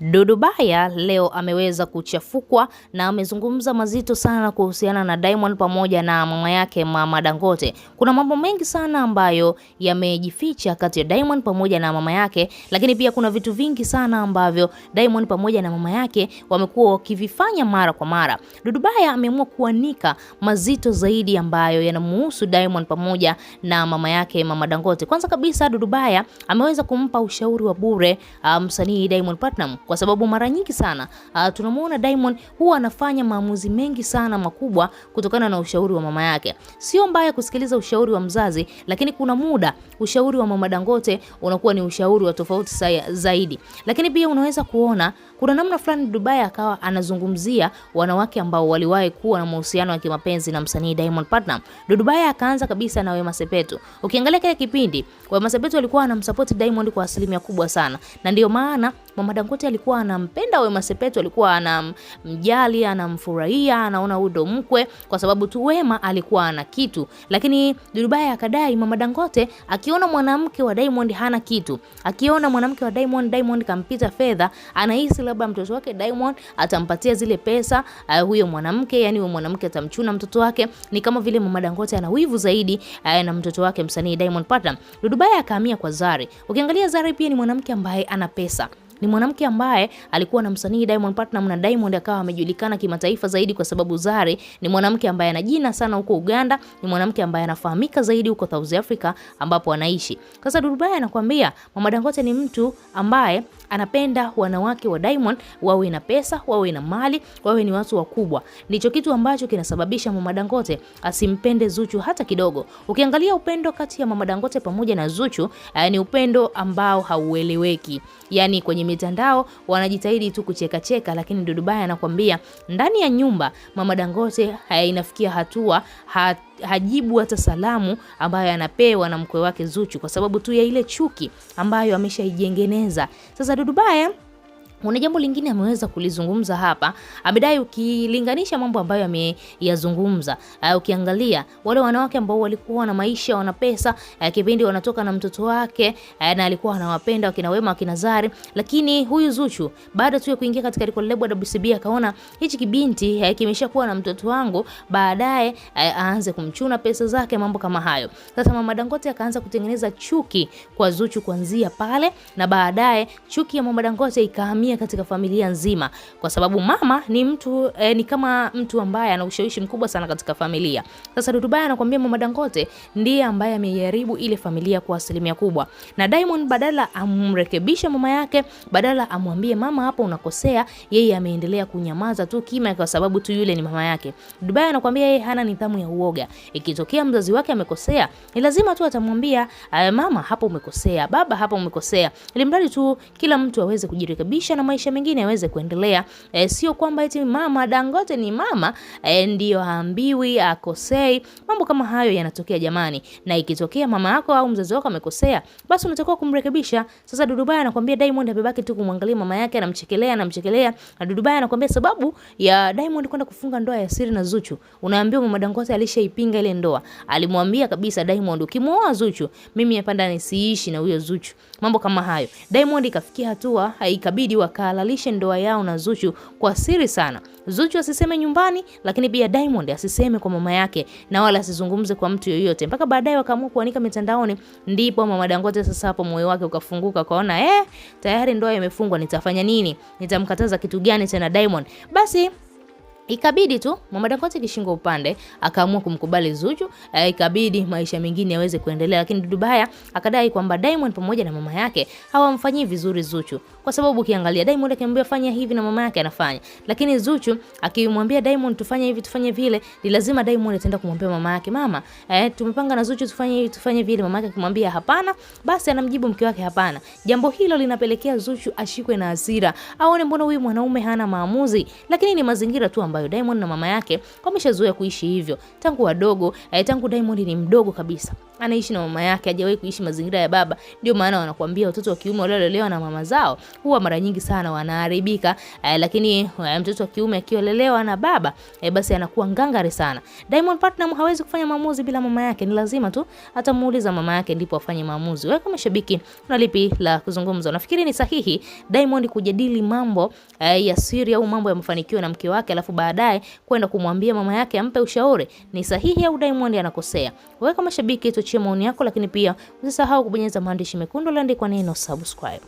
Dudu Baya leo ameweza kuchafukwa na amezungumza mazito sana kuhusiana na Diamond pamoja na mama yake Mama Dangote. Kuna mambo mengi sana ambayo yamejificha kati ya Diamond pamoja na mama yake, lakini pia kuna vitu vingi sana ambavyo Diamond pamoja na mama yake wamekuwa wakivifanya mara kwa mara. Dudu Baya ameamua kuanika mazito zaidi ambayo yanamuhusu Diamond pamoja na mama yake Mama Dangote. Kwanza kabisa, Dudu Baya ameweza kumpa ushauri wa bure ah, msanii um, Diamond Platnumz kwa sababu mara nyingi sana uh, tunamuona Diamond huwa anafanya maamuzi mengi sana makubwa kutokana na ushauri wa mama yake. Sio mbaya kusikiliza ushauri wa mzazi, lakini kuna muda ushauri wa mama Dangote unakuwa ni ushauri wa tofauti zaidi. Lakini pia unaweza kuona kuna namna fulani Dubai akawa anazungumzia wanawake ambao waliwahi kuwa na mahusiano ya kimapenzi na msanii Diamond Platnumz. Dubai akaanza kabisa na Wema Sepetu. Ukiangalia kile kipindi Wema Sepetu alikuwa anamsupport Diamond kwa asilimia kubwa sana, na ndio maana Mama Dangote alikuwa anampenda Wema Sepetu, alikuwa anamjali, anamfurahia, anaona huyu ndo mkwe, kwa sababu tu Wema alikuwa ana kitu. Lakini Dudubaya akadai Mama Dangote akiona mwanamke wa Diamond hana kitu, akiona mwanamke wa Diamond, Diamond kampita fedha, anahisi labda mtoto wake Diamond atampatia zile pesa uh, huyo mwanamke yani huyo mwanamke atamchuna mtoto wake. Ni kama vile Mama Dangote ana wivu zaidi uh, na mtoto wake msanii Diamond Platnumz. Dudubaya akahamia kwa Zari. Ukiangalia Zari pia ni mwanamke ambaye ana pesa ni mwanamke ambaye alikuwa na msanii Diamond Platnumz na Diamond akawa amejulikana kimataifa zaidi kwa sababu Zari ni mwanamke ambaye ana jina sana huko Uganda, ni mwanamke ambaye anafahamika zaidi huko South Africa ambapo anaishi. Sasa Dudubai anakuambia Mama Dangote ni mtu ambaye anapenda wanawake wa Diamond wawe na pesa, wawe na mali, wawe ni watu wakubwa. Ndicho kitu ambacho kinasababisha Mama Dangote asimpende Zuchu hata kidogo. Ukiangalia upendo kati ya Mama Dangote pamoja na Zuchu eh, ni upendo ambao haueleweki. Yaani kwenye mitandao wanajitahidi tu kucheka cheka, lakini dudubaya anakuambia ndani ya nyumba mama Dangote inafikia hatua ha, hajibu hata salamu ambayo anapewa na mkwe wake Zuchu kwa sababu tu ya ile chuki ambayo ameshaijengeneza. Sasa Dudu kuna jambo lingine ameweza kulizungumza hapa Abidai, ukilinganisha mambo ambayo ameyazungumza, uh, ukiangalia wale wanawake ambao walikuwa na maisha, wana pesa uh, kipindi wanatoka na mtoto wake uh, na alikuwa anawapenda wakina Wema, wakina Zari, lakini huyu Zuchu baada tu ya kuingia katika record label WCB akaona hichi kibinti kimeshakuwa na mtoto wangu, baadaye aanze kumchuna pesa zake, mambo kama hayo. Sasa Mama Dangote akaanza kutengeneza chuki kwa Zuchu kuanzia pale, na baadaye chuki ya Mama Dangote ikahamia kutumia katika familia nzima, kwa sababu mama ni mtu e, ni kama mtu ambaye ana ushawishi mkubwa sana katika familia. Sasa Dudubaya anakuambia Mama Dangote ndiye ambaye ameiharibu ile familia kwa asilimia kubwa, na Diamond badala amrekebisha mama yake, badala amwambie mama, hapo unakosea, yeye ameendelea kunyamaza tu kima, kwa sababu tu yule ni mama yake. Dudubaya anakuambia yeye hana nidhamu ya uoga, ikitokea mzazi wake amekosea, ni lazima tu atamwambia eh, mama, hapo umekosea, baba, hapo umekosea, ili mradi tu kila mtu aweze kujirekebisha na maisha mengine yaweze kuendelea. E, sio kwamba eti mama Dangote ni mama e, eh, ndio haambiwi, akosei. Mambo kama hayo yanatokea jamani, na ikitokea mama yako au mzazi wako amekosea, basi unatakiwa kumrekebisha. Sasa Dudubaya anakuambia Diamond amebaki tu kumwangalia mama yake, anamchekelea anamchekelea, na Dudubaya anakuambia sababu ya Diamond kwenda kufunga ndoa ya siri na Zuchu, unaambiwa mama Dangote alishaipinga ile ndoa, alimwambia kabisa Diamond, ukimwoa Zuchu mimi hapa ndani siishi na huyo Zuchu. Mambo kama hayo Diamond ikafikia hatua haikabidi wa wakahalalishe ndoa yao na Zuchu kwa siri sana. Zuchu asiseme nyumbani, lakini pia Diamond asiseme kwa mama yake na wala asizungumze kwa mtu yoyote, mpaka baadaye wakaamua kuanika mitandaoni. Ndipo mama Dangote sasa hapo moyo wake ukafunguka, kaona eh, tayari ndoa imefungwa, nitafanya nini? Nitamkataza kitu gani tena Diamond? Basi Ikabidi tu Mama Dangote kishingo upande akaamua kumkubali Zuchu. e, Ikabidi maisha mengine yaweze kuendelea, lakini Dudu Baya akadai kwamba Diamond pamoja na mama yake hawamfanyii vizuri Zuchu, kwa sababu ukiangalia Diamond akimwambia fanya hivi na mama yake anafanya, lakini Zuchu akimwambia Diamond tufanye hivi tufanye vile, ni lazima Diamond ataenda kumwambia mama yake, mama e, tumepanga na Zuchu tufanye hivi tufanye vile. Mama yake akimwambia hapana, basi anamjibu mke wake hapana. Jambo hilo linapelekea Zuchu ashikwe na hasira, aone mbona huyu mwanaume hana maamuzi, lakini ni mazingira tu ambayo ambayo Diamond na mama yake wameshazoea kuishi hivyo tangu wadogo. Eh, tangu Diamond ni mdogo kabisa anaishi na mama yake, hajawahi kuishi mazingira ya baba. Ndio maana wanakuambia watoto wa kiume waliolelewa na mama zao huwa mara nyingi sana wanaharibika, eh, lakini eh, mtoto wa kiume akiolelewa na baba eh, basi anakuwa ngangari sana. Diamond Platnumz hawezi kufanya maamuzi bila mama yake, ni lazima tu atamuuliza mama yake ndipo afanye maamuzi. Wewe kama shabiki una lipi la kuzungumza? Unafikiri ni sahihi Diamond kujadili mambo eh, ya siri au mambo ya mafanikio na mke wake alafu baada baadaye kwenda kumwambia mama yake ampe ushauri ni sahihi au Diamond anakosea. Wewe kama shabiki, tuachie maoni yako, lakini pia usisahau kubonyeza maandishi mekundu yaliyoandikwa neno subscribe.